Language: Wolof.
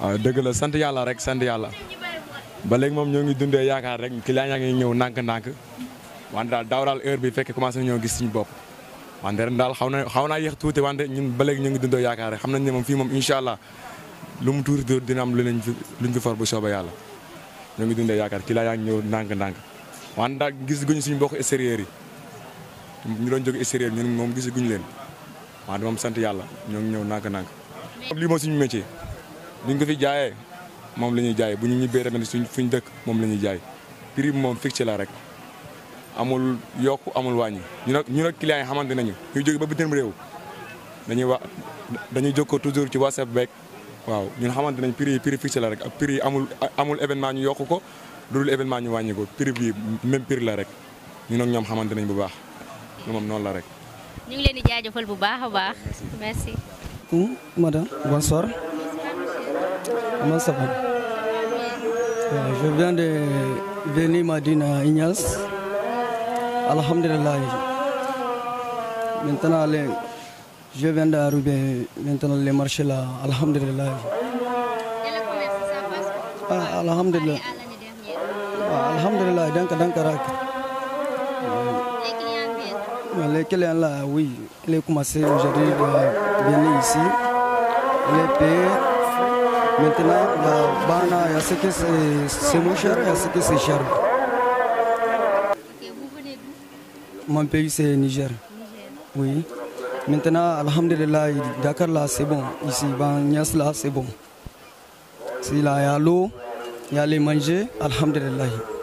waaw ah, dëgg la sant yàlla rek sant yàlla ba léegi moom ñoo ngi dundee yaakaar rek client yaa ngi ñëw ndànk-ndànk wante daal daaw daal heure bi fekk commencé ñoo gis suñu bopp wante ren daal xaw na xaw naa yéex tuuti wante ñun ba léegi ñoo ngi dundee yaakaar rek xam nañ ne moom fii moom incha lu mu tuuti tuuti dina am lu leen fi luñ fi for bu soobee yàlla ñoo ngi dundee yaakaar client yaa ngi ñëw ndànk-ndànk wante daal gis guñ suñu bokk extérieur yi ñu doon jog extérieur ñun moom gis guñ leen wante moom sant yàlla ñoo ngi ñëw ndànk-ndànk lii moo suñu métier duñ ko fi jaayee moom la ñuy jaay bu ñu ñibbee tamit suñ fuñ dëkk moom la jaay prix bi moom fixé la rek amul yokk amul wàññi ñu nag ñu nag clients yi xamante nañu ñu jóge ba bitim réew dañuy wax dañuy jokkoo toujours ci whatsapp beeg waaw ñun xamante nañ prix yi prix fixé la rek ak prix yi amul amul événement ñu yokk ko loolu événement ñu wàññi ko prix bi même prix la rek ñu nag ñoom xamante nañ bu baax moom noonu la rek. ñu ngi leen di jaajëfal bu baax a baax. merci. madame bonsoir. Comment Je viens de venir Madina Ignace. Alhamdulillah. Maintenant, je viens d'arriver. Maintenant, les marchés là. Alhamdulillah. Ah, alhamdulillah. Ah, alhamdulillah. Donc, donc, les clients là, oui, aujourd'hui de ici, les Maintenant, la banane, que c'est moins cher, il que c'est cher. Mon pays, c'est Niger. Niger. Oui. Maintenant, Alhamdulillah, Dakar, là, c'est bon. Ici, Nias là, c'est bon. Si là, il y a l'eau, il y a les manger, Alhamdulillah.